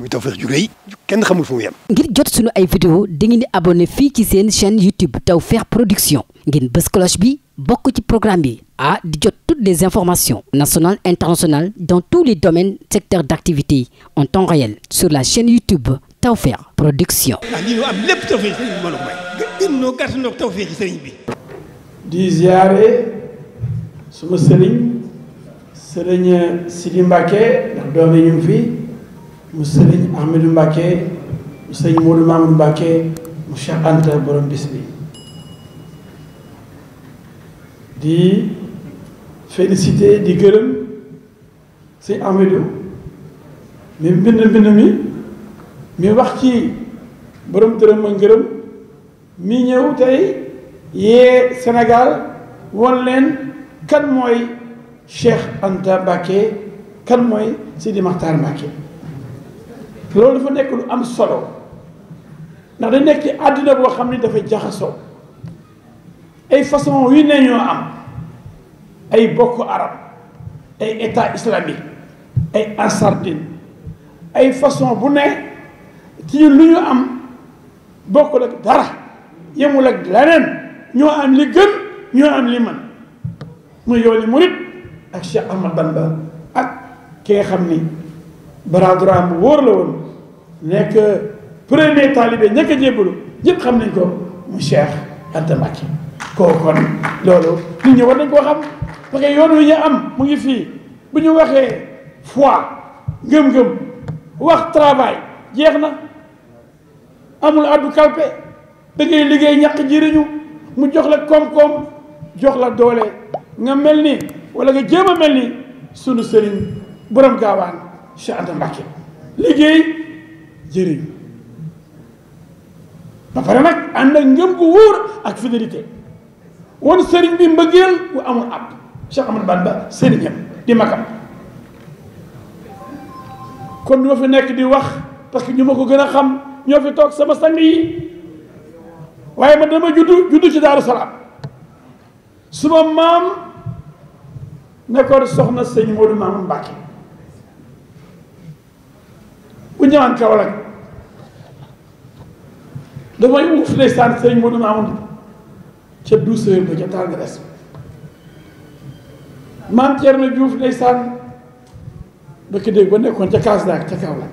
muy Tawfekh ju kenn xamul fu mu ngir jot sunu ay vidéo dangeen di abonné fii ci seen chaîne YouTube Tawfekh Production ngeen bës bi bokk ci programme bi a di jot toutes les informations nationales internationales dans tous les domaines secteurs d'activité en temps réel sur la chaîne YouTube Tawfekh Production. ah lii ñu am lépp Tawfekh sëriñ bi mbooloo mooy. gën noo gàtt noo Tawfekh di ziare ndax doom yi ñu mu sëriñ Ahmadou Mbacke mu sëriñ Modou Mamadou Mbacke mu Cheikh Anta borom bis di félicité di gërëm sëñ Ahmadou mi mbind mbind mi mi wax ci borom dërëm ma ngërëm mi ñëw tey yee Sénégal woon leen kan mooy Cheikh Anta Mbacke kan mooy Sidi Makhtar Mbacke loolu dafa nekk lu am solo ndax dañ nekk ci àddina boo xam ni dafa jaxasoo ay façon yu ne ñoo am ay bokk arab ay état islamique ay ansardine ay façon bu ne ci lu ñu am bokkul ak dara yemul ak leneen ñoo am li gën ñoo am li mën muy yow li murit ak Cheikh Ahmad Bamba ak ki nga xam ni bras mu wóor la woon nekk premier talibé ñëkk a jébbalu ñëpp xam nañ ko mu Cheikh Anta Mbacke kooku kon loolu nit ñi war nañ koo xam parce que yoon ñu am mu ngi fii bu ñu waxee foi ngëm-ngëm wax travail jeex na amul addu kalpe da ngay liggéey ñàkk jëriñu mu jox la koom-koom jox la doole nga mel ni wala nga jéem a mel ni sunu sëriñ borom gaawaan Cheikh Anta Mbacke liggéey jëriñ ba pare nag ànd ak ngëm ku wóor ak fidélité woon sëriñ bi mbëggeel bu amul ab Cheikh Ahmadou Bamba sëriñam di magam kon ñoo fi nekk di wax parce que ñu ma ko gën a xam ñoo fi toog sama sang waaye ma dama juddu juddu ci Daaru Salaam suma maam nekkoon soxna sëñ Modou Mamoun Mbacke ñëwaan Kaolack damay uuf ndeysaan sëriñ Modou Mamoun ca douze heures ba ca tendresse maam Thierno Diouf ndeysaan bëkk dégg ba nekkoon ca Kasdaak ca Kaolack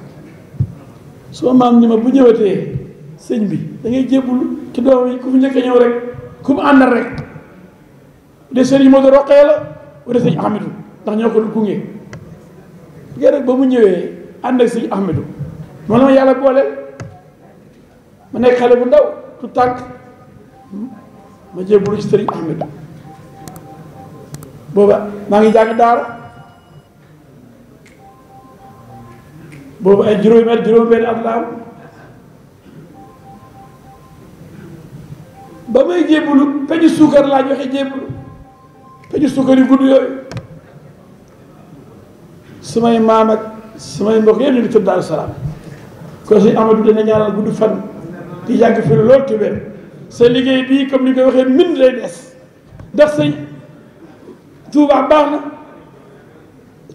soo maam ñu ma bu ñëwatee sëñ bi dangay ngay jébbul ci doom yi ku fi njëkk ñëw rek ku mu àndal rek bu dee sëriñ Modou Roqee la wala sëñ Ahmedou ndax ñoo ko du gunge ngeen rek ba mu ñëwee ànd ak sëñ Ahmedou moo la ma yàlla boole ma nekk xale bu ndaw tu tànk ma jébbalu ci sëriñ Ahmed booba maa ngi jàng daara boobu ay juróomi at juróom benn at la am ba may jébbalu peñu suukar laa joxe jébbalu peñu suukar yu gudd yooyu samay maam ak samay mbokk yëpp ñu ngi tëdd Daaru Salaam kon suñu Amadou dana ñaanal gudd fan di yàgg fi lool ci sa liggéey bii comme ni koy waxee min lay des ndax sëñ Touba baax na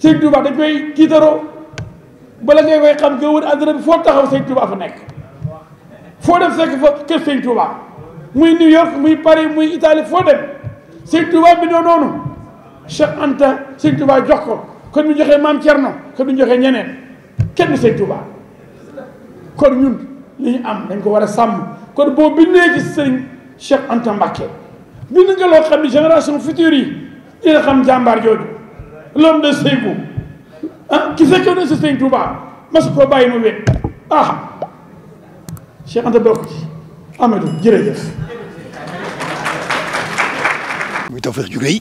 sëñ Touba dañ xam nga wër foo taxaw sëñ Touba fa nekk foo dem fekk fa kër sëñ Touba muy New York muy Paris muy Italie foo dem sëñ Touba bi doo noonu Cheikh Anta sëñ Touba jox ko kon mu joxee maam Thierno kon mu joxee ñeneen kenn sëñ Touba kon ñun li am dañ ko war a sàmm kon boo bindee ci sëñ Cheikh Anta Mbacké bind nga loo xam génération future yi dina xam jàmbaar jooju l'homme de ah, ki fekkoon na sa sëñ Touba mas koo bàyyi mu wéet ah Cheikh Anta bokk ci Amadou jërëjëf. muy Tawfekh ju rëy